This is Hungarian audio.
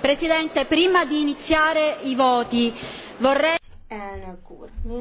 Presidente, prima di iniziare i voti, vorrei... Elnök úr,